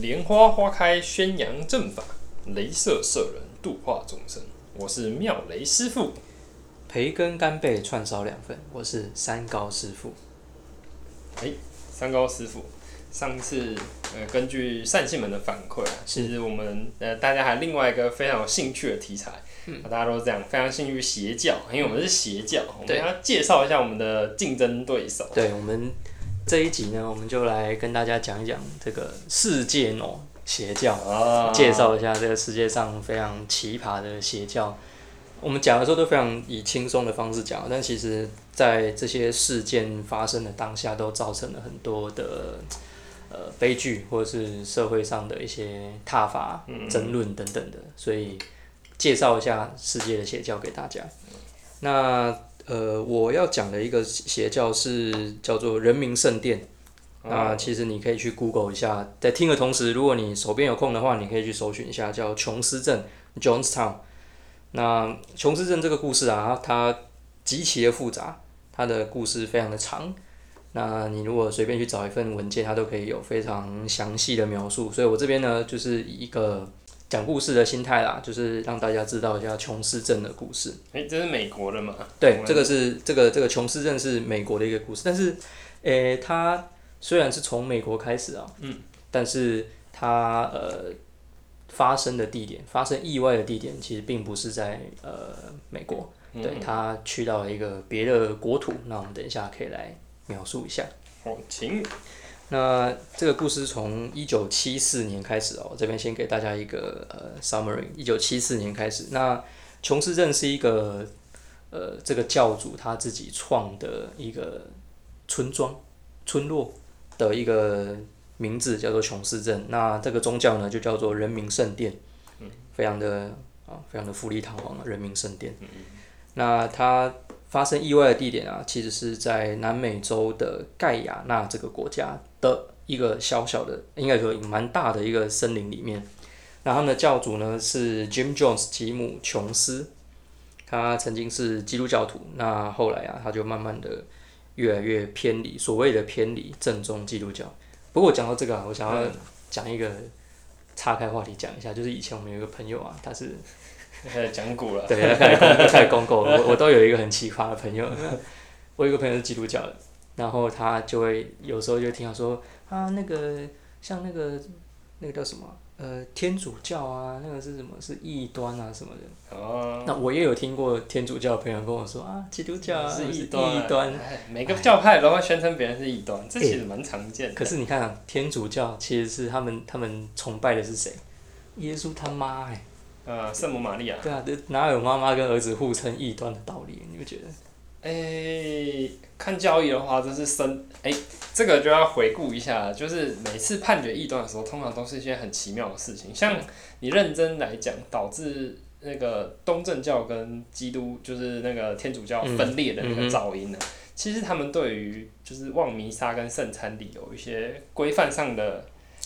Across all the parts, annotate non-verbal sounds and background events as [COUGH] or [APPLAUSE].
蓮花花開，宣揚正法，雷射射人，度化眾生。我是妙雷師傅。培根干貝串燒兩份。我是三高師傅。哎、欸，三高師傅，上次呃，根據善信們的反饋、啊，啊，其實我們呃，大家還有另外一個非常有興趣的題材。嗯、啊，大家都這樣，非常興趣邪教，因為我們是邪教，嗯、我們要介紹一下我們的競爭對手。對，我們。這一集呢，我們就來跟大家講一講這個世界の邪教，介紹一下這個世界上非常奇葩的邪教。我們講的時候都非常以輕鬆的方式講，但其實，在這些事件發生的當下，都造成了很多的呃悲劇，或者是社會上的一些撻伐、爭論等等的。所以，介紹一下世界的邪教給大家。那呃，我要講的一個邪教是叫做人民聖殿。哦。那其實你可以去 Google 一下，在聽的同時，如果你手邊有空的話，你可以去搜尋一下叫瓊斯鎮 （Jonestown）。那瓊斯鎮這個故事啊，它極其的複雜，它的故事非常的長。那你如果隨便去找一份文件，它都可以有非常詳細的描述。所以我這邊呢，就是一個。講故事的心態啦，就是讓大家知道一下瓊斯鎮的故事。哎、欸，這是美國的嗎？對，這個是這個這個瓊斯鎮是美國的一個故事，但是，誒、欸，它雖然是從美國開始啊、喔，嗯，但是它呃發生的地點，發生意外的地點，其實並不是在呃美國，對，它去到了一個別的國土、嗯，那我們等一下可以來描述一下。好，請。那這個故事從一九七四年開始哦，我這邊先給大家一個呃 summary。一九七四年開始，那瓊斯鎮是一個呃，這個教主他自己創的一個村莊、村落的一個名字叫做瓊斯鎮。那這個宗教呢，就叫做人民聖殿。嗯，非常的啊，非常的富麗堂皇啊，人民聖殿。嗯，那他。發生意外的地點啊，其實是在南美洲的蓋亞那這個國家的一個小小的，應該說蠻大的一個森林裡面。那他們的教主呢，是 Jim Jones，吉姆·瓊斯，他曾經是基督教徒，那後來啊，他就慢慢的越來越偏離所謂的偏離正宗基督教。不過講到這個啊，我想要講一個岔開話題講一下，就是以前我們有一個朋友啊，他是。開始講古了，對，太始講了。公公 [LAUGHS] 我我都有一個很奇葩的朋友， [LAUGHS] 我有個朋友是基督教的，然後他就會有時候就聽他說，他、啊、那個像那個那個叫什麼呃天主教啊，那個是什麼是異端啊什麼的。哦。那我也有聽過天主教的朋友跟我說啊，基督教、啊、是異端、異端、哎。每個教派都會宣稱別人是異端、哎，這其實蠻常見的、欸。可是你看、啊，天主教其實是他們，他們崇拜的是誰？耶穌他媽哎。呃、嗯，聖母瑪利亞。對啊，哪有媽媽跟兒子互稱異端的道理？你不覺得？哎、欸，看教義的話，這是生哎、欸，這個就要回顧一下，就是每次判決異端的時候，通常都是一些很奇妙的事情。像你認真來講，導致那個東正教跟基督，就是那個天主教分裂的那個噪音呢、啊嗯？其實，他們對於就是望彌撒跟聖餐禮有一些規範上的。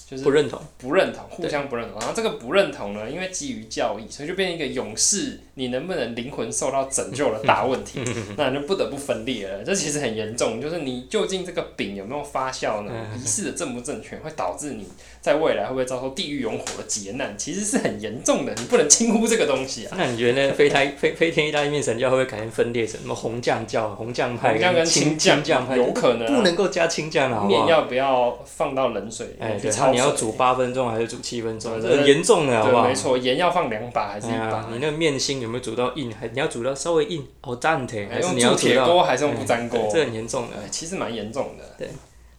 就是、不認同，不認同，互相不認同。然後這個不認同呢，因為基於教義，所以就變成一個勇士，你能不能靈魂受到拯救的大問題。嗯嗯、那你就不得不分裂了。嗯、這其實很嚴重，就是你究竟這個餅有沒有發酵呢？儀式的正不正確，會導致你在未來會不會遭受地獄永火的劫難？其實是很嚴重的，你不能輕忽這個東西啊。那你覺得呢？飛 [LAUGHS] 天飛飛天意大利麵神教會不會改變分裂成什麼紅醬教、紅醬派、紅醬跟青醬派、派？有可能、啊，不能夠加青醬啊！麵要不要放到冷水？哎、欸，對。你要煮八分鐘還是煮七分鐘？很嚴重的，好不好？對，沒錯，鹽要放兩把還是一把？一、啊、呀，你那個麵心有沒有煮到硬？還你要煮到稍微硬？哦，暫停，用鑄鐵鍋還是用不粘鍋、欸？這很嚴重的，欸、其實蠻嚴重的。對，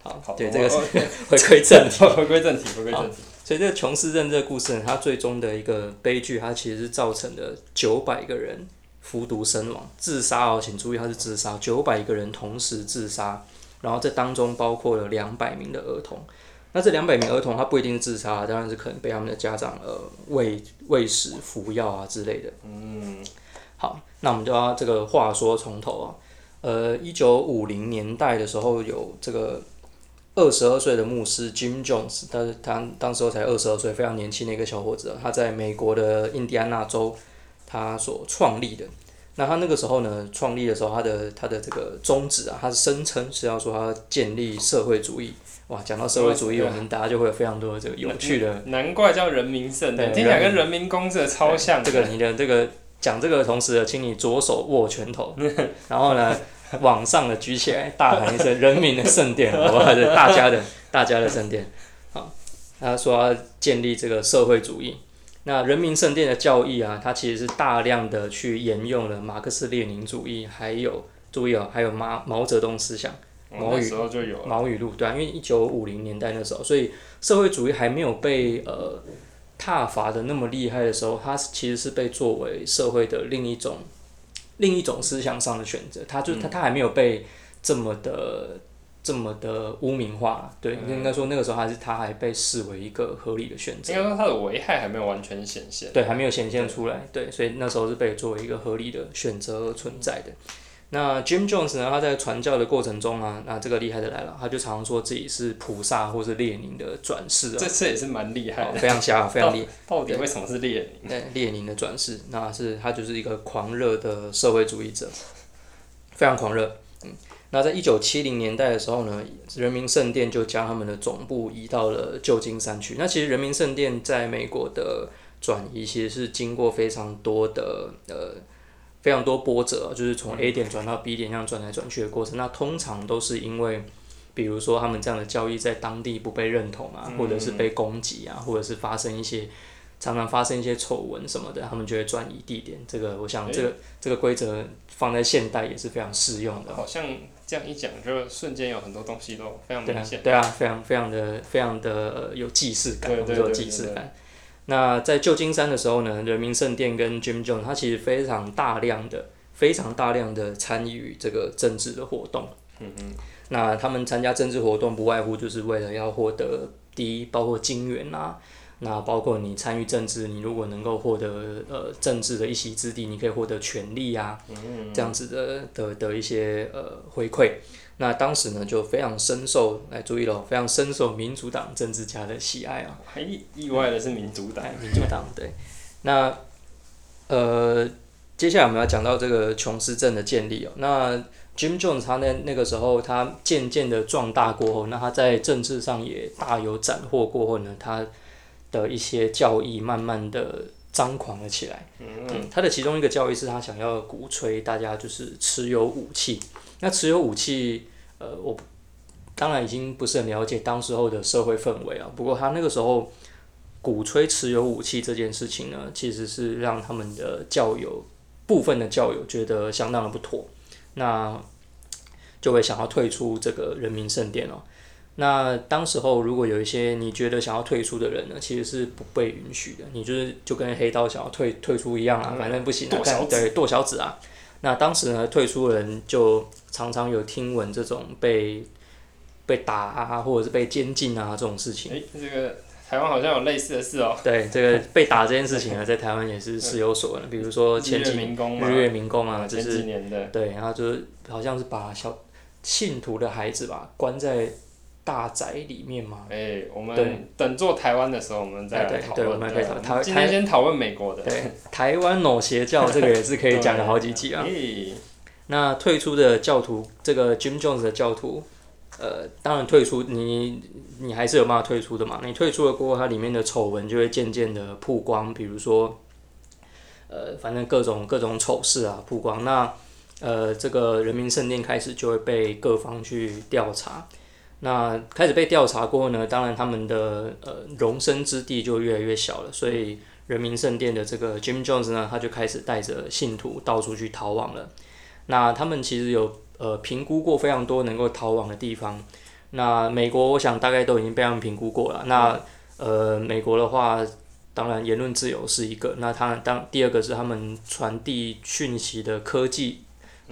好，好，對這個是回歸正題、okay. [LAUGHS] 回歸正題，回歸正題。所以，這個瓊斯鎮這個故事，它最終的一個悲劇，它其實是造成了九百個人服毒身亡、自殺哦，請注意，它是自殺，九百個人同時自殺，然後這當中包括了兩百名的兒童。那這兩百名兒童，他不一定是自殺啊，當然是可能被他們的家長呃餵餵食服藥啊之類的。嗯，好，那我們就要這個話說從頭啊，呃，一九五零年代的時候，有這個二十二歲的牧師 Jim Jones，他他當時候才二十二歲，非常年輕的一個小伙子啊，他在美國的印第安納州，他所創立的。那他那個時候呢，創立的時候，他的他的這個宗旨啊，他是聲稱是要說他建立社會主義。哇，講到社會主義，我們大家就會有非常多的這個有趣的難。難怪叫人民聖殿，聽起來跟人民公社超像。這個你的這個講這個同時，請你左手握拳頭， [LAUGHS] 然後呢往上的舉起來，大喊一聲“ [LAUGHS] 人民的聖殿”，我們大家的大家的聖殿。好，他說他建立這個社會主義。那人民聖殿的教義啊，它其實是大量的去沿用了馬克思列寧主義，還有注意哦、喔，還有馬毛澤東思想毛。哦，那時候就有了。毛語錄，對、啊，因為一九五零年代那時候，所以社會主義還沒有被呃，撻伐的那麼厲害的時候，它其實是被作為社會的另一種，另一種思想上的選擇。它就它它還沒有被這麼的。這麼的污名化，對，嗯、應該說那個時候還是他還被視為一個合理的選擇。應該說他的危害還沒有完全顯現。對，還沒有顯現出來對。對，所以那時候是被作為一個合理的選擇而存在的，嗯。那 Jim Jones 呢？他在傳教的過程中啊，那這個厲害的來了，他就常常說自己是菩薩或是列寧的轉世啊。這次也是蠻厲害的，非常瞎，非常厲。常 [LAUGHS] 到底為什麼是列寧？對，列寧的轉世，那是他就是一個狂熱的社會主義者，非常狂熱。那在一九七零年代的時候呢，人民聖殿就將他們的總部移到了舊金山去。那其實人民聖殿在美國的轉移，其實是經過非常多的呃，非常多波折，啊，就是從 A 點轉到 B 點這樣轉來轉去的過程。那通常都是因為，比如說他們這樣的教義在當地不被認同啊，或者是被攻擊啊，或者是發生一些常常發生一些醜聞什麼的，他們就會轉移地點。這個，我想這個、欸、這個規則放在現代也是非常適用的。好像。這樣一講，就瞬間有很多東西都非常明顯、啊。對啊，非常非常的非常的有既視感。對對對對對，有感，對對對。那在舊金山的時候呢，人民聖殿跟 Jim Jones，他其實非常大量的、非常大量的參與這個政治的活動。嗯嗯。那他們參加政治活動，不外乎就是為了要獲得第一，包括金元啊。那包括你參與政治，你如果能夠獲得呃政治的一席之地，你可以獲得權力啊，這樣子的的的一些呃回饋。那當時呢，就非常深受來注意了，非常深受民主黨政治家的喜愛啊、喔。還意意外的是民主黨、嗯哎，民主黨對。 [LAUGHS] 那呃，接下來我們要講到這個瓊斯鎮的建立哦、喔。那 Jim Jones 他在那，那個時候，他漸漸的壯大過後，那他在政治上也大有斬獲過後呢，他。的一些教義慢慢的張狂了起來。嗯，他的其中一個教義是他想要鼓吹大家就是持有武器。那持有武器，呃，我當然已經不是很了解當時候的社會氛圍啊。不過他那個時候鼓吹持有武器這件事情呢，其實是讓他們的教友部分的教友覺得相當的不妥，那就會想要退出這個人民聖殿哦。那當時候，如果有一些你覺得想要退出的人呢，其實是不被允許的。你就是就跟黑道想要退退出一樣啊，反正不行，啊小子，對，剁腳趾。啊那當時呢，退出的人就常常有聽聞這種被被打啊，或者是被監禁啊這種事情。哎、欸，這個台灣好像有類似的事哦。對，這個被打這件事情啊，在台灣也是時有所聞。 [LAUGHS] 比如說前、啊就是啊，前幾年，日月明功啊，這是對，然後就是好像是把小信徒的孩子吧，關在。大宅裡面嘛，哎、欸，我們等做台灣的時候我對對對對，我們再討論。我們可以討，今天先討論美國的。對，台灣某邪教這個也是可以講了好幾期啊， [LAUGHS] 啊。那退出的教徒，這個 Jim Jones 的教徒，呃，當然退出，你你還是有辦法退出的嘛。你退出了過後，它裡面的醜聞就會漸漸的曝光，比如說，呃，反正各種各種醜事啊曝光。那呃，這個人民聖殿開始就會被各方去調查。那開始被調查過後呢，當然他們的呃容身之地，就越來越小了，所以人民聖殿的這個 Jim Jones 呢，他就開始帶着信徒到處去逃亡了。那他們其實有呃評估過非常多能夠逃亡的地方，那美國我想大概都已經被他們評估過了。嗯、那呃，美國的話，當然言論自由是一個，那他當第二個是他們傳遞訊息的科技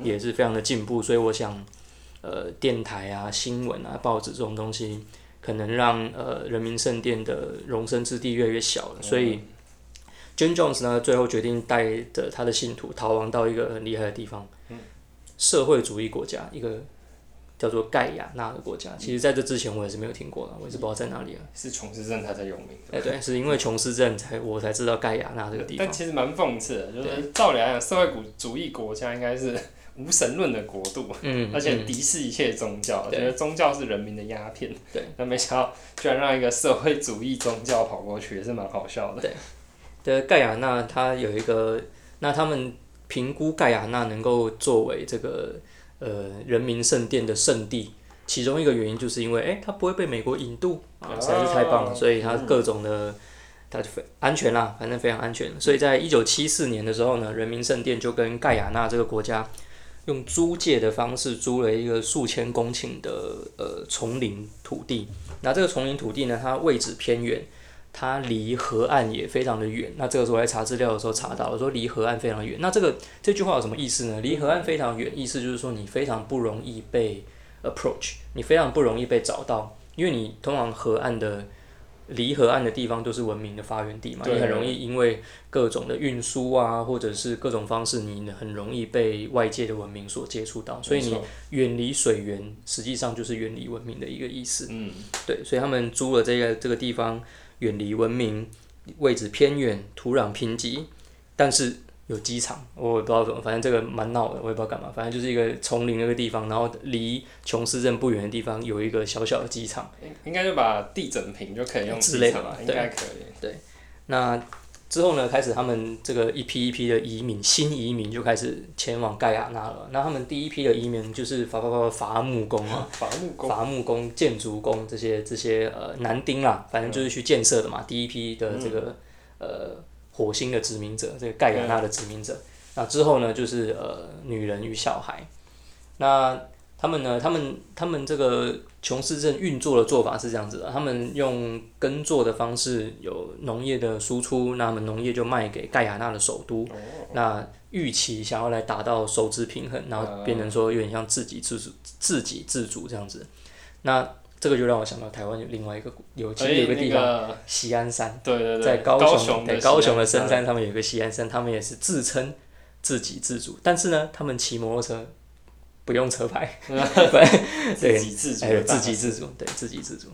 也是非常的進步、嗯，所以我想。呃，電臺啊、新聞啊、報紙這種東西，可能讓呃人民聖殿的容身之地越來越小了。嗯、所以，Jim Jones 呢，最後決定帶着他的信徒逃亡到一個很厲害的地方、嗯。社會主義國家，一個叫做蓋亞那的國家、嗯。其實在這之前，我也是沒有聽過的，我也是不知道在哪裡啊。嗯、是瓊斯鎮他才有名。哎， [LAUGHS] 對，是因為瓊斯鎮才我才知道蓋亞那這個地方。但其實蠻諷刺的，就是照理來講，社會主義國家應該是、嗯。無神論的國度，嗯、而且敵視一切宗教，覺、嗯、得、就是、宗教是人民的鴉片，對，那沒想到居然讓一個社會主義宗教跑過去，也是蠻好笑的。對，蓋亞納，他有一個，那他們評估蓋亞納能夠作為這個呃人民聖殿的聖地，其中一個原因就是因為，哎、欸，它不會被美國引渡啊，實在是太棒了，所以他各種的，嗯、它就非安全啦，反正非常安全，所以在一九七四年的時候呢，人民聖殿就跟蓋亞納這個國家。用租借的方式租了一個數千公頃的呃叢林土地。那這個叢林土地呢，它位置偏遠，它離河岸也非常的遠。那這個時候我在查資料的時候查到了，我說離河岸非常遠。那這個這句話有什麼意思呢？離河岸非常遠，意思就是說你非常不容易被 approach，你非常不容易被找到，因為你通往河岸的。離河岸的地方都是文明的發源地嘛，你很容易因為各種的運輸啊，或者是各種方式，你很容易被外界的文明所接觸到，所以你遠離水源，實際上就是遠離文明的一個意思。嗯，對，所以他們租了這個這個地方，遠離文明，位置偏遠，土壤貧瘠，但是。有機場，我也不知道怎麼，反正這個蠻鬧的，我也不知道幹嘛，反正就是一個叢林那個地方，然後離瓊斯鎮不遠的地方有一個小小的機場，應該就把地整平就可以用之類的吧？應該可以。對，那之後呢，開始他們這個一批一批的移民，新移民就開始前往蓋亞納了。那他們第一批的移民就是伐伐伐伐伐木工啊，伐木工、伐木工、建築工這些這些呃男丁啊，反正就是去建設的嘛。第一批的這個呃。火星的殖民者，這個蓋亞納的殖民者，嗯，那之後呢，就是呃，女人與小孩。那他們呢？他們他們這個瓊斯鎮運作的做法是這樣子的：他們用耕作的方式，有農業的輸出，那麼農業就賣給蓋亞納的首都，那預期想要來達到收支平衡，然後變成說有點像自給自足，自給自足這樣子。那這個就讓我想到台灣有另外一個有，其實有個地方、欸，那個，西安山。對，對,對在高雄。在高，高雄的深山，他們有一個西安山，他們也是自稱，自給自足，但是呢，他們騎摩托車，不用車牌。對。自給自足。自自對自給自足。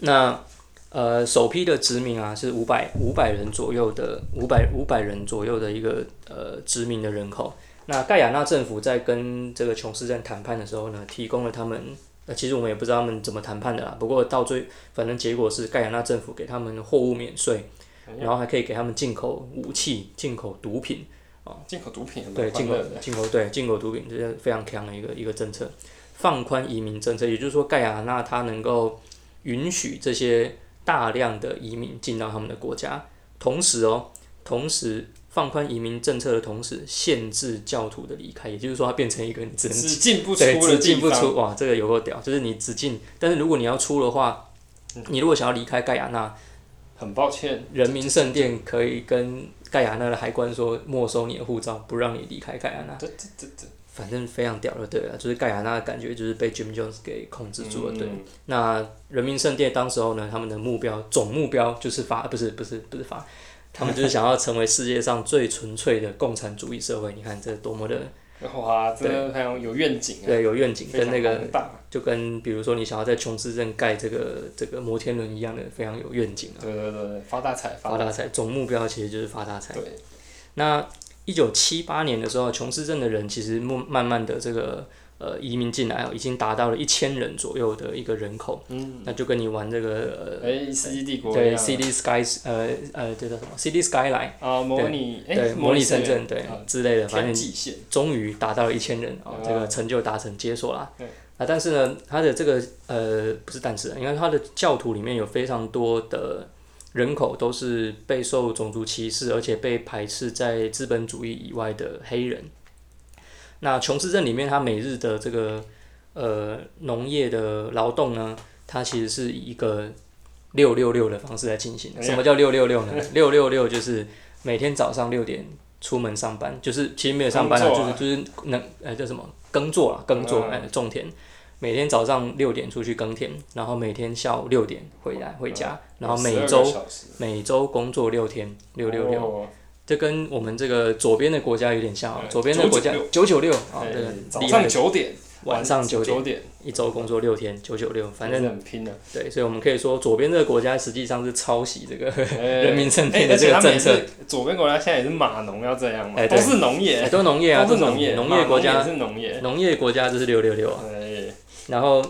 那、呃，首批的殖民啊，是五百五百人左右的，五百五百人左右的一個呃殖民的人口。那蓋亞那政府在跟這個瓊斯在談判的時候呢，提供了他們。那其實我們也不知道他們怎麼談判的啦。不過到最，反正結果是蓋亞納政府給他們貨物免稅，然後還可以給他們進口武器，進口毒品，哦，進口毒品對，口。對，進口進口對進口毒品，這是非常強的一個一個政策。放寬移民政策，也就是說蓋亞納他能夠允許這些大量的移民進到他們的國家。同時哦，同時。放寬移民政策的同時，限制教徒的離開，也就是說，它變成一個你只能進不出的地方。對，只進不出，哇，這個有多屌？就是你只進，但是如果你要出的話，嗯、你如果想要離開蓋亞納，很抱歉，人民聖殿可以跟蓋亞納的海關說、嗯、沒收你的護照，不讓你離開蓋亞納。這這這這，反正非常屌的。對了。就是蓋亞納的感覺，就是被 Jim Jones 給控制住了。對，嗯、那人民聖殿當時候呢，他們的目標總目標就是發，不是不是不是發。 [LAUGHS] 他們就是想要成為世界上最純粹的共產主義社會，你看這多麼的……哇，真的有願景啊，對，有願景，跟那個就跟比如說你想要在瓊斯鎮蓋這個這個摩天輪一樣的，非常有願景啊！對對對發大財！發大財！總目標其實就是發大財。對，那一九七八年的時候，瓊斯鎮的人其實慢慢的這個。呃，移民進來已經達到了一千人左右的一個人口，嗯、那就跟你玩這個。哎、呃，《CD、對，啊《CD Sky 呃》呃呃，叫什麼，《CD Skyline、呃》啊，模擬，對，模擬深圳，對之類的，反正終於達到了一千人哦、嗯，這個成就達成解鎖了。啊、嗯，但是呢，他的這個呃不是單指，因為他的教徒裡面有非常多的，人口都是備受種族歧視，而且被排斥在資本主義以外的黑人。那瓊斯鎮裡面，它每日的這個呃農業的勞動呢，它其實是以一個六六六的方式來進行的、哎、什麼叫六六六呢？六六六就是每天早上六點出門上班，就是其實沒有上班了、啊，就是就是能呃叫什麼耕作啊，耕作、嗯、哎種田，每天早上六點出去耕田，然後每天下午六點回來回家，嗯嗯、然後每周每周工作六天，六六六。哦這跟我們這個左邊的國家有點像。喔，左邊的國家九九六啊，對，欸、早上九點，晚上九點，99, 一周工作六天，九九六，反正很拼的。對，所以，我們可以說，左邊這個國家實際上是抄襲這個、欸、 [LAUGHS] 人民聖殿的這個政策。欸、左邊國家現在也是碼農要這樣嘛？欸、都是農業，欸、都農業啊，都是農業，農業國家，農業國家就是六六六啊。哎、欸，然後。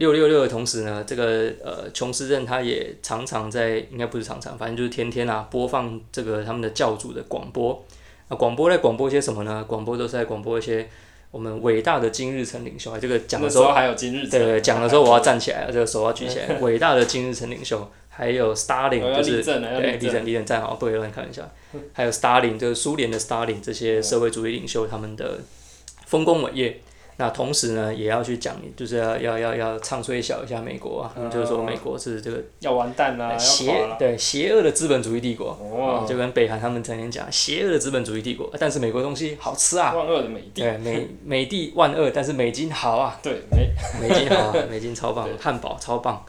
六六六的同時呢，這個呃，瓊斯鎮他也常常在，應該不是常常，反正就是天天啊，播放這個他們的教主的廣播啊。廣播在廣播些什麼呢？廣播都是在廣播一些我們偉大的金日成領袖啊。這個講的時候，時候還有金日成，對對對，講的時候我要站起來，對對對，這個手要舉起來。偉大的金日成領袖， [LAUGHS] 還有斯大林，就是 [LAUGHS] 對，李正，李正站好，對，讓你看一下。 [LAUGHS] 還有斯大林，就是蘇聯的斯大林，這些社會主義領袖他們的豐功偉業。那同時呢，也要去講，就是要要要要唱衰小一下美國，啊嗯，就是說美國是這個要完蛋啊，邪了對邪惡的資本主義帝國，哦嗯、就跟北韓他們曾經講邪惡的資本主義帝國，但是美國東西好吃啊，萬惡的美帝，對美美帝萬惡，但是美金好啊，對美美金好，啊，美金超棒，漢 [LAUGHS] 堡超棒。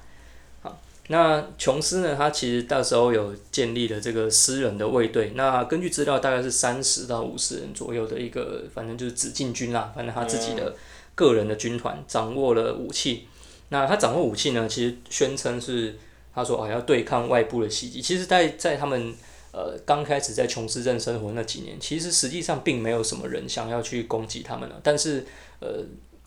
那瓊斯呢？他其實到時候有建立了這個私人的衛隊。那根據資料，大概是三十到五十人左右的一個，反正就是紫禁軍啦、啊。反正他自己的個人的軍團掌握了武器。那他掌握武器呢？其實宣稱是他說：“哎、哦，要對抗外部的襲擊。”其實在，在在他們呃剛開始在瓊斯鎮生活那幾年，其實實際上並沒有什麼人想要去攻擊他們了。但是，呃。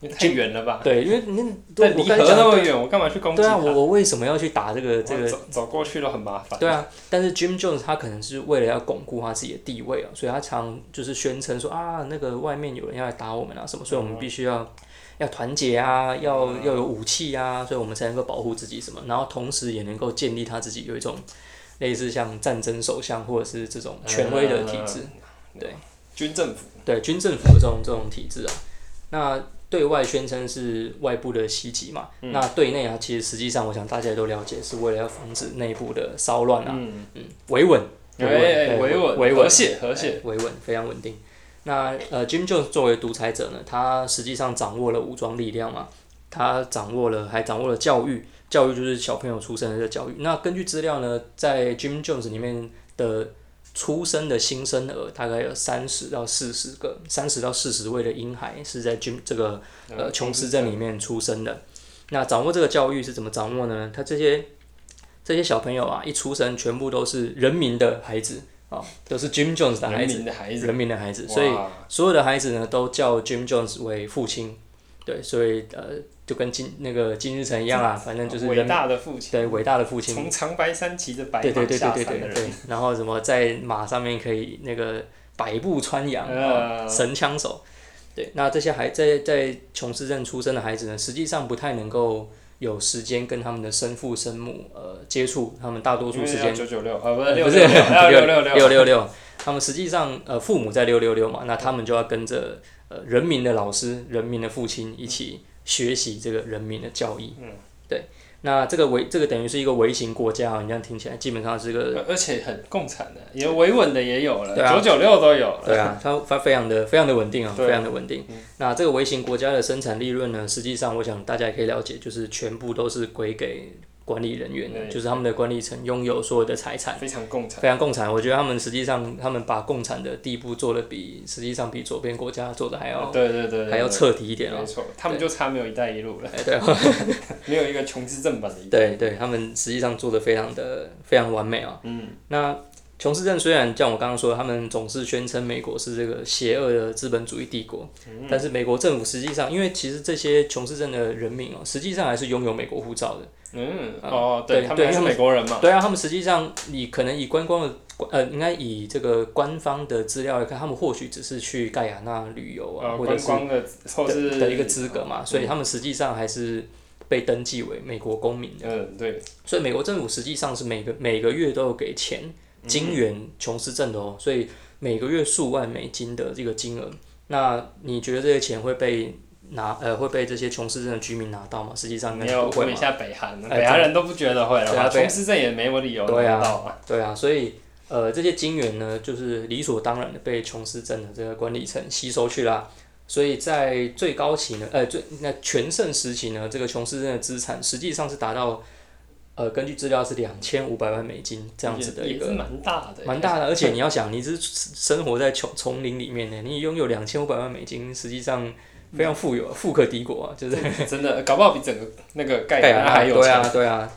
太遠了吧？對，因為你 [LAUGHS] 都離河那麼遠，我幹嘛去攻擊？對啊，我我為什麼要去打這個這個？走走過去都很麻煩。對啊，但是 Jim Jones 他可能是為了要鞏固他自己的地位啊，所以他常就是宣稱說啊，那個外面有人要來打我們啊，什麼，所以我們必須要要團結啊，要要有武器啊，所以我們才能夠保護自己什麼，然後同時也能夠建立他自己有一種類似像戰爭首相或者是這種權威的體制，嗯嗯、對軍政府，對軍政府這種這種體制啊，那。對外宣稱是外部的襲擊嘛、嗯，那對內啊，其實實際上我想大家都了解，是為了要防止內部的騷亂啊，嗯嗯，維穩，維穩維穩，維穩、欸、維穩、欸、非常穩定。那呃，Jim Jones 作為獨裁者呢，他實際上掌握了武裝力量嘛，他掌握了，還掌握了教育，教育就是小朋友出生的教育。那根據資料呢，在 Jim Jones 裡面的。出生的新生兒大概有三十到四十個，三十到四十位的嬰孩是在 Jim 這個呃瓊斯鎮裡面出生的、嗯就是。那掌握這個教育是怎麼掌握呢？他這些這些小朋友啊，一出生全部都是人民的孩子啊、哦，都是 Jim Jones 的孩子， [LAUGHS] 人民的孩子，人民的孩子，所以所有的孩子呢都叫 Jim Jones 為父親。對，所以呃，就跟金那個金日成一樣啊，反正就是偉大的父親，對偉大的父親，從長白山騎着白馬下山的人，對對對對對對 [LAUGHS] 然後什麼在馬上面可以那個百步穿楊啊、呃，神槍手。對，那這些還在在瓊斯鎮出生的孩子呢，實際上不太能夠有時間跟他們的生父生母呃接觸，他們大多數時間九九六呃不是六六六六六六，就是 666, 啊、6666, 6666, 他們實際上呃父母在六六六嘛，那他們就要跟着。呃，人民的老師，人民的父親，一起學習這個人民的教義。嗯，對。那這個微這個等於是一個微型國家啊，你這樣聽起來，基本上是個。而且很共產的，也維穩的也有了，九九六都有了。對啊，它非非常的非常的穩定啊，非常的穩定，對，非常的穩定。嗯。那這個微型國家的生產利潤呢，實際上我想大家也可以了解，就是全部都是歸給。管理人員的，就是他們的管理層擁有所有的財產，對對對，非常共產，非常共產。我覺得他們實際上，他們把共產的地步做的比實際上比左邊國家做的還要，對對對，對，對，還要徹底一點，喔，沒錯，他們就差沒有“一帶一路”了。對啊， [LAUGHS] 沒有一個瓊斯鎮版的一帶一路。對，對對，他們實際上做的非常的非常完美啊，喔嗯。那瓊斯鎮雖然像我剛剛說，他們總是宣稱美國是這個邪惡的資本主義帝國，嗯，但是美國政府實際上，因為其實這些瓊斯鎮的人民哦，喔，實際上還是擁有美國護照的。嗯，嗯，哦，對，對他們還是美國人嘛。對啊，他們實際上以可能以觀光的，呃，應該以這個官方的資料來看，他們或許只是去蓋亞納旅遊啊、哦，或者是觀光的措的的一個資格嘛、哦，所以他們實際上還是被登記為美國公民的。嗯，對。所以美國政府實際上是每個每個月都有給錢，金援瓊斯鎮的哦、嗯，所以每個月數萬美金的這個金額，那你覺得這些錢會被？拿呃會被這些瓊斯鎮的居民拿到嗎？實際上沒有會。一下北韓、呃，北韓人都不覺得會了。瓊斯鎮也沒我理由拿到對啊，對啊。對啊，所以呃這些金元呢，就是理所當然的被瓊斯鎮的這個管理層吸收去了。所以在最高期呢，呃最那全盛時期呢，這個瓊斯鎮的資產實際上是達到，呃根據資料是兩千五百萬美金這樣子的一個蠻大的，蠻大的。而且你要想，你是生活在窮叢林裡面呢，你擁有兩千五百萬美金，實際上。非常富有，富可敵國、啊，就是 [LAUGHS] 真的，搞不好比整個那個蓋亞還有錢 [LAUGHS] 對啊，對啊。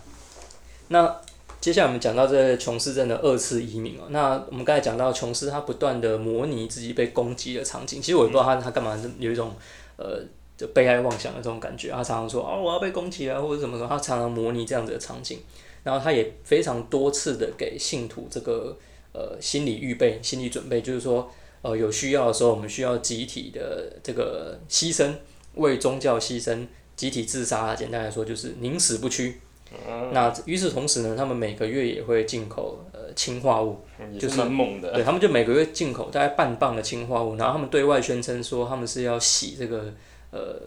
那接下來我們講到這瓊斯鎮的二次移民哦，喔。那我們剛才講到瓊斯，他不斷的模擬自己被攻擊的場景。其實我也不知道他他幹嘛，有一種呃就被害妄想的這種感覺。他常常說哦，我要被攻擊啊，或者什麼什麼。他常常模擬這樣子的場景，然後他也非常多次的給信徒這個呃心理預備、心理準備，就是說。呃，有需要的時候，我們需要集體的這個犧牲，為宗教犧牲，集體自殺。簡單來說，就是寧死不屈。嗯、那與此同時呢，他們每個月也會進口呃氰化物，猛的就是他對他們就每個月進口大概半磅的氰化物，然後他們對外宣稱說他們是要洗這個呃，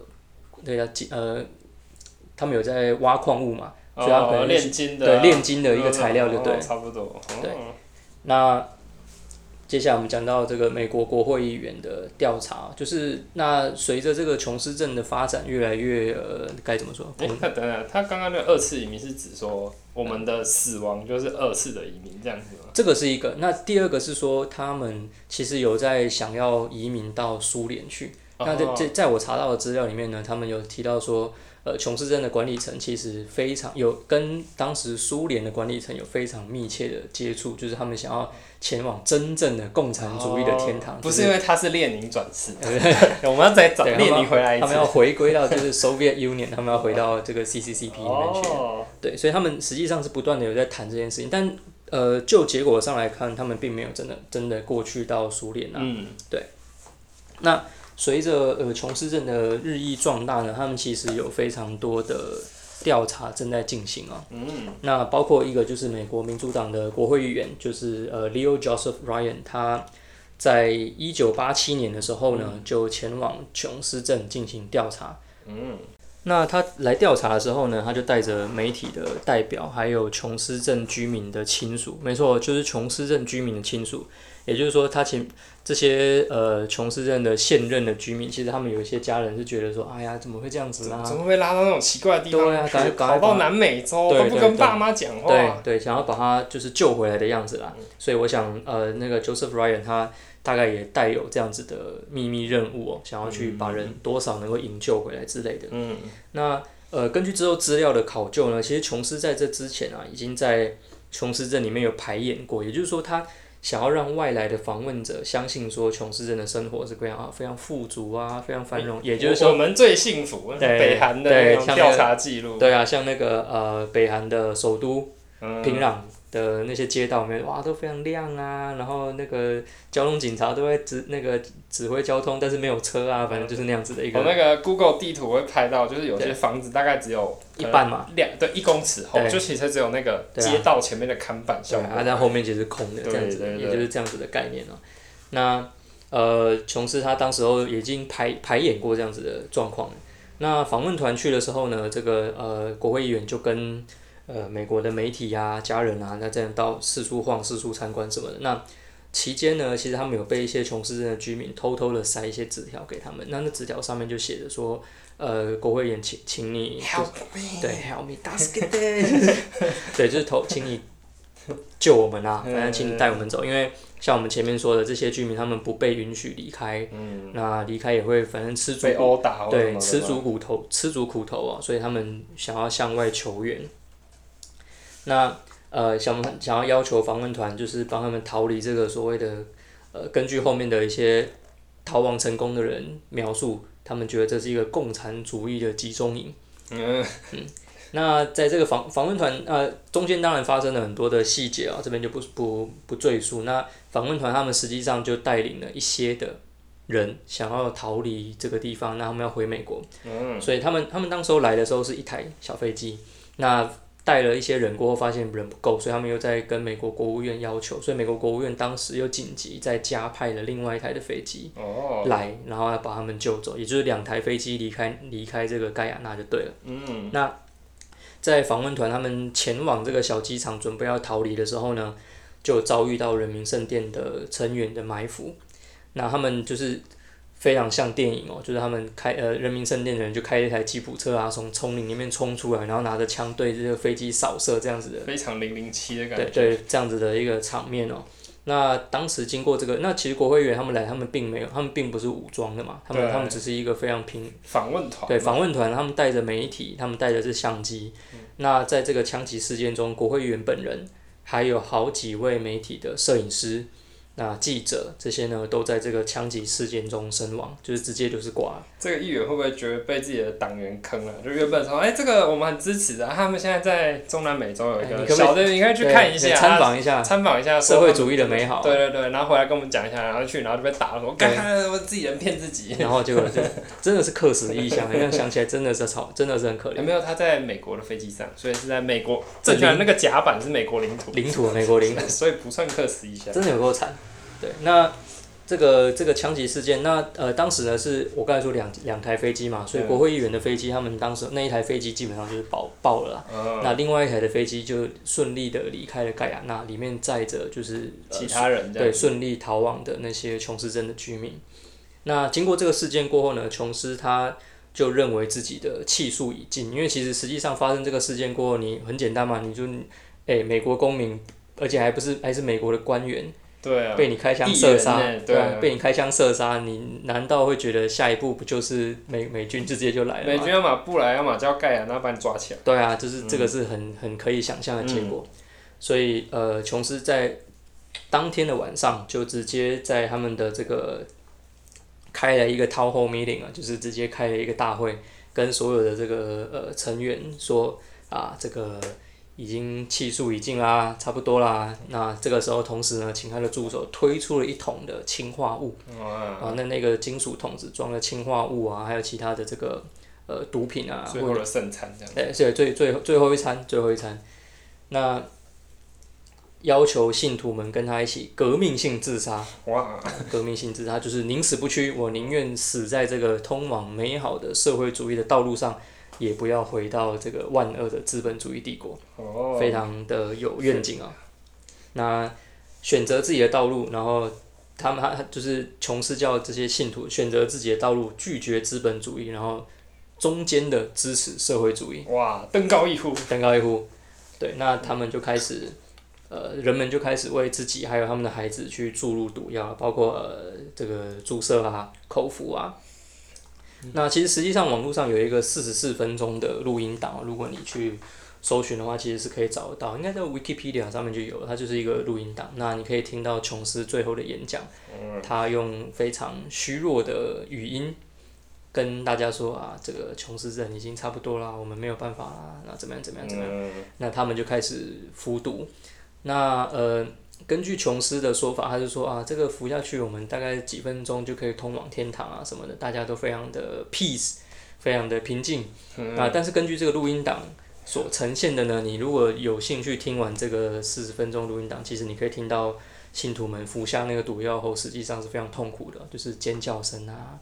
對啊，金呃，他們有在挖礦物嘛？所以他們可能哦，煉金的煉金的、啊、一個材料就對，對、嗯、對、嗯哦，差不多。嗯嗯對，那。接下來我們講到這個美國國會議員的調查，就是那隨着這個瓊斯鎮的發展越來越，呃，該怎麼說？誒，那當然，他剛剛的二次移民是指說。我們的死亡就是二次的移民這樣子嗎？這個是一個，那第二個是說，他們其實有在想要移民到蘇聯去哦哦。那在在我查到的資料裡面呢，他們有提到說，呃，瓊斯鎮的管理層其實非常有跟當時蘇聯的管理層有非常密切的接觸，就是他們想要前往真正的共產主義的天堂。哦就是，不是因為他是列寧轉世， [LAUGHS] 對，我們要再找 [LAUGHS] 列寧回來一次。他們要，他們要回歸到就是 Soviet Union， [LAUGHS] 他們要回到這個 CCCP 裡面去。哦 [LAUGHS] 對，所以他們實際上是不斷的有在談這件事情，但呃，就結果上來看，他們並沒有真的真的過去到蘇聯啊、嗯。對。那隨着呃瓊斯鎮的日益壯大呢，他們其實有非常多的調查正在進行啊、喔嗯。那包括一個就是美國民主黨的國會議員，就是呃 Leo Joseph Ryan，他在一九八七年的時候呢，嗯、就前往瓊斯鎮進行調查。嗯嗯那他來調查的時候呢，他就帶着媒體的代表，還有瓊斯鎮居民的親屬，沒錯，就是瓊斯鎮居民的親屬。也就是說，他前這些呃瓊斯鎮的現任的居民，其實他們有一些家人是覺得說，哎呀，怎麼會這樣子啊？怎麼會拉到那種奇怪的地方？對啊，他就是、跑到南美洲，都不跟爸媽講話。對，對，對，對，對，對，想要把他就是救回來的樣子啦。嗯、所以我想，呃，那個 Joseph Ryan 他。大概也帶有這樣子的秘密任務哦，想要去把人多少能夠營救回來之類的。嗯、那呃，根據之後資料的考究呢，其實瓊斯在這之前啊，已經在瓊斯鎮裡面有排演過，也就是說，他想要讓外來的訪問者相信說，瓊斯鎮的生活是非常啊非常富足啊非常繁榮，也就是說我們最幸福、啊。對北韓的調查記錄、那個。對啊，像那個呃，北韓的首都平壤。嗯的那些街道面，哇，都非常亮啊。然後那個交通警察都會指那個指揮交通，但是沒有車啊。反正就是那樣子的一個。我、哦、那個 Google 地圖會拍到，就是有些房子大概只有一半嘛，兩對一公尺厚，就其實只有那個街道前面的看板，下面、啊，在、啊、後面其實空的，這樣子，對對對對，也就是這樣子的概念了、啊。那呃，瓊斯他當時候已經排排演過這樣子的狀況了。那訪問團去的時候呢，這個呃，國會議員就跟。呃，美國的媒體啊，家人啊，那這樣到四處晃、四處參觀什麼的。那期間呢，其實他們有被一些瓊斯鎮的居民偷偷的塞一些紙條給他們。那那紙條上面就寫着說：“呃，國會議員請請你、就是、對，Help me，對，me. [LAUGHS] 對就是偷，請你救我們啊！反 [LAUGHS] 正請你帶我們走，因為像我們前面說的，這些居民他們不被允許離開。嗯、那離開也會反正吃足被毆打對，吃足骨頭，吃足苦頭啊！所以他們想要向外求援。”那呃，想想要要求訪問團，就是幫他們逃離這個所謂的，呃，根據後面的一些逃亡成功的人描述，他們覺得這是一個共產主義的集中營。 [LAUGHS] 嗯，那在這個訪訪問團呃中間，當然發生了很多的細節啊，這邊就不不不贅述。那訪問團他們實際上就帶領了一些的人想要逃離這個地方，那他們要回美國。嗯， [LAUGHS] 所以他們他們當時候來的時候是一台小飛機，那。帶了一些人過後，發現人不夠，所以他們又在跟美國國務院要求，所以美國國務院當時又緊急再加派了另外一台的飛機來，然後要把他們救走，也就是兩台飛機離開離開這個蓋亞納就對了。嗯嗯，那在訪問團他們前往這個小機場準備要逃離的時候呢，就遭遇到人民聖殿的成員的埋伏，那他們就是。非常像電影哦、喔，就是他們開呃、人民聖殿的人就開一台吉普車啊，從叢林裡面衝出來，然後拿着槍對這個飛機掃射這樣子的。非常零零七的感覺對。對，這樣子的一個場面哦、喔。那當時經過這個，那其實國會議員他們來，他們並沒有，他們並不是武裝的嘛，他們他們只是一個非常平訪問團。對，訪問團，他們帶着媒體，他們帶着這相機、嗯。那在這個槍擊事件中，國會議員本人還有好幾位媒體的攝影師。那記者這些呢，都在這個槍擊事件中身亡，就是直接就是掛了。這個議員會不會覺得被自己的黨員坑了、啊？就原本說，哎、欸，這個我們很支持的、啊，他們現在在中南美洲有一個，小的，應、欸、該去看一下，參訪一下，參訪一下社會主義的美好、啊。對對對，然後回來跟我們講一下，然後去，然後就被打了，我說，我自己人騙自己。然後結果 [LAUGHS] 真的是客死異鄉。現 [LAUGHS] 在、欸、想起來，真的是超，真的是很可憐、欸。沒有，他在美國的飛機上，所以是在美國，政權那個甲板是美國領土，領土的美國領土， [LAUGHS] 所以不算客死異鄉。真的有夠慘。對，那這個這個槍擊事件，那呃，當時呢是我剛才說兩兩台飛機嘛，所以國會議員的飛機，他們當時那一台飛機基本上就是爆爆了啦、哦，那另外一台的飛機就順利的離開了蓋亞那，裡面載着就是其他人，對，順利逃亡的那些瓊斯鎮的居民。那經過這個事件過後呢，瓊斯他就認為自己的氣數已盡，因為其實實際上發生這個事件過後，你很簡單嘛，你就誒、欸，美國公民，而且還不是還是美國的官員。對啊，被你開槍射殺，對、啊對，啊對啊，被你開槍射殺，你難道會覺得下一步不就是美美軍直接就來了嗎？美軍要嘛不來嘛，要嘛叫蓋亞那把你抓起來。對啊，就是這個是很、嗯、很可以想象的結果。嗯、所以呃，瓊斯在當天的晚上就直接在他們的這個開了一個 town hall meeting 啊，就是直接開了一個大會，跟所有的這個呃成員說啊這個。已經氣數已盡啦，差不多啦。那這個時候，同時呢，請他的助手推出了一桶的氰化物。啊，那那個金屬桶子裝了氰化物啊，還有其他的這個呃毒品啊。最後的聖餐這樣子。哎，是，最最最後一餐，最後一餐。那要求信徒們跟他一起革命性自殺。哇。革命性自殺就是寧死不屈，我寧願死在這個通往美好的社會主義的道路上。也不要回到這個萬惡的資本主義帝國，非常的有願景啊、喔。那選擇自己的道路，然後他們還就是瓊斯教這些信徒選擇自己的道路，拒絕資本主義，然後中間的支持社會主義。哇！登高一呼，登高一呼。對，那他們就開始，呃，人們就開始為自己還有他們的孩子去注入毒藥，包括、呃、這個注射啊、口服啊。那其實實際上網絡上有一個四十四分鐘的錄音檔，如果你去搜尋的話，其實是可以找得到，應該在 Wikipedia 上面就有，它就是一個錄音檔。那你可以聽到瓊斯最後的演講，他用非常虛弱的語音跟大家說啊，這個瓊斯鎮已經差不多啦，我們沒有辦法啦，那怎麼樣怎麼樣怎麼樣？那他們就開始服毒，那呃。根據瓊斯的說法，他就說啊，這個服下去，我們大概幾分鐘就可以通往天堂啊什麼的，大家都非常的 peace，非常的平靜啊。但是根據這個錄音檔所呈現的呢，你如果有興趣聽完這個四十分鐘錄音檔，其實你可以聽到信徒們服下那個毒藥後，實際上是非常痛苦的，就是尖叫聲啊，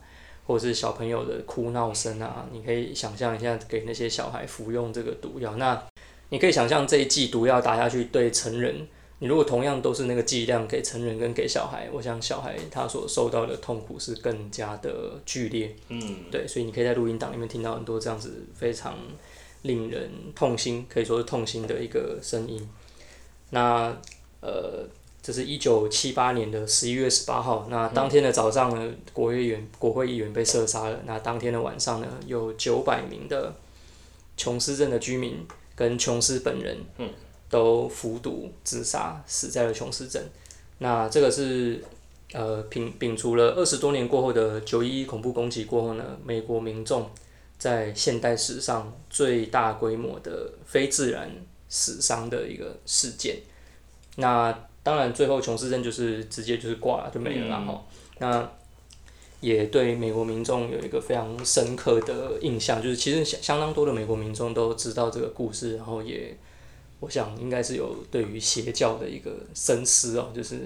或者是小朋友的哭鬧聲啊。你可以想象一下給那些小孩服用這個毒藥，那你可以想象這一劑毒藥打下去對成人。你如果同樣都是那個劑量給成人跟給小孩，我想小孩他所受到的痛苦是更加的劇烈。嗯。對，所以你可以在錄音檔裡面聽到很多這樣子非常令人痛心，可以說是痛心的一個聲音。那呃，這是一九七八年的十一月十八號。那當天的早上呢，嗯、國會議員國會議員被射殺了。那當天的晚上呢，有九百名的瓊斯鎮的居民跟瓊斯本人。嗯。都服毒自殺，死在了瓊斯鎮。那這個是呃，摒摒除了二十多年過後的九一一恐怖攻擊過後呢，美國民眾在現代史上最大規模的非自然死傷的一個事件。那當然，最後瓊斯鎮就是直接就是掛了，就沒了啦。然、嗯、後，那也對美國民眾有一個非常深刻的印象，就是其實相相當多的美國民眾都知道這個故事，然後也。我想應該是有對於邪教的一個深思哦，就是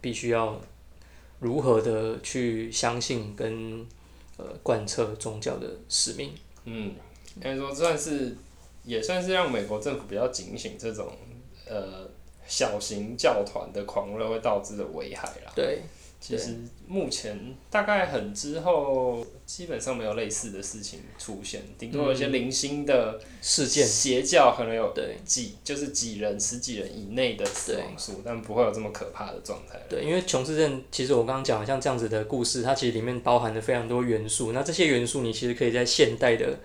必須要如何的去相信跟，呃貫徹宗教的使命。嗯，應該說算是，也算是讓美國政府比較警醒這種呃小型教團的狂熱會導致的危害了。對。其實目前大概很之後，基本上沒有類似的事情出現，頂、嗯、多有一些零星的很事件。邪教可能有幾，就是幾人十幾人以內的死亡數，但不會有這麼可怕的狀態。對，因為瓊斯鎮，其實我剛剛講，像這樣子的故事，它其實裡面包含了非常多元素。那這些元素，你其實可以在現代的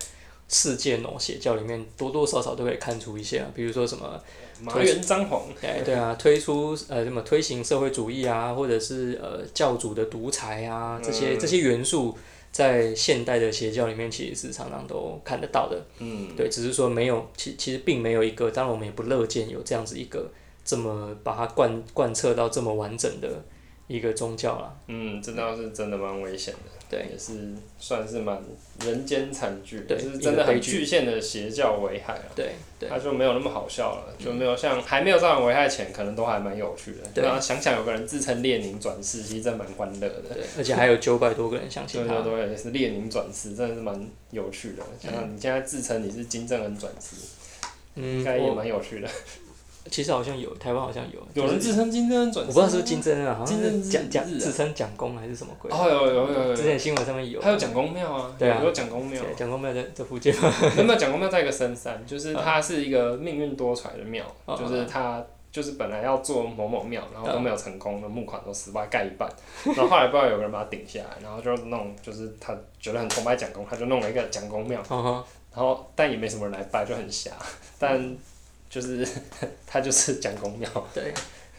世界哦，邪教裡面多多少少都可以看出一些，比如說什麼。麻原彰晃，對啊，推出呃什麼推行社會主義啊，或者是呃教主的獨裁啊，這些這些元素，在現代的邪教裡面，其實是常常都看得到的。嗯，對，只是說沒有，其其實並沒有一個，當然我們也不樂見有這樣子一個這麼把它貫貫徹到這麼完整的，一個宗教啦。嗯，這倒是真的蠻危險的。對，也是算是蠻人間慘劇，就是真的很具象的邪教危害啊。對，他就沒有那麼好笑了，就沒有像還沒有這樣危害前，可能都還蠻有趣的。對，然後想想有個人自稱列寧轉世，其實真蠻歡樂的。對，而且還有九百多個人想起他。對對對，是列寧轉世，真的是蠻有趣的。想想你現在自稱你是金正恩轉世，嗯，應該也蠻有趣的。 [LAUGHS] 其實好像有，台灣好像有，就是、稱有人自稱金針轉世，我不知道是不是金針啊，好像蔣自稱蔣公還是什麼鬼？Oh, 有有有有,有,有之前新聞上面有，他有蔣公廟啊,啊，有蔣公廟、啊，蔣公廟在在福建，有沒有蔣公廟在一個深山，就是他是一個命運多舛的廟、哦，就是他就是本來要做某某廟，然後都沒有成功，的、哦、募款都失敗蓋一半，然後後來不知道有個人把他頂下來， [LAUGHS] 然後就弄就是他覺得很崇拜蔣公，他就弄了一個蔣公廟、哦，然後但也沒什麼人來拜，就很瞎、哦，但。就是他就是講公廟，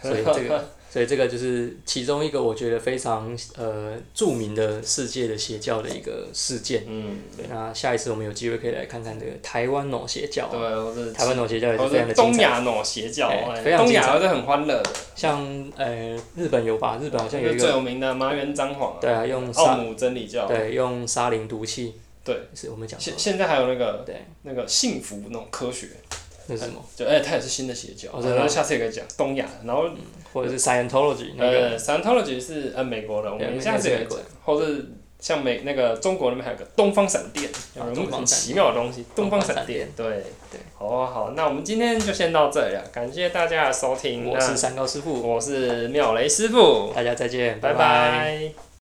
所以這個所以這個就是其中一個我覺得非常呃著名的世界的邪教的一個事件。嗯，對，那下一次我們有機會可以來看看這個台灣の邪教、啊對，台灣の邪教也是這樣的精彩。東亞の邪教，欸、東亞還是很歡樂的。像呃、欸、日本有吧？日本好像有一個、就是、最有名的麻原彰晃，對啊，用奧姆真理教，對，用沙林毒氣，對，是我們講。現現在還有那個對那個幸福那種科學。那是什麼？欸、就哎、欸，它也是新的邪教，啊。然後下次也可以講東亞，然後、嗯、或者是 Scientology，那個。呃，Scientology 是呃美國的，我們下次可以講。或是像美那個中國那邊還有個東方閃電，有麼、啊、奇妙的東西？東方閃電。對。對。好好，那我們今天就先到這裡了。感謝大家的收聽。我是三高師傅，我是妙雷師傅。大家再見，拜拜。拜拜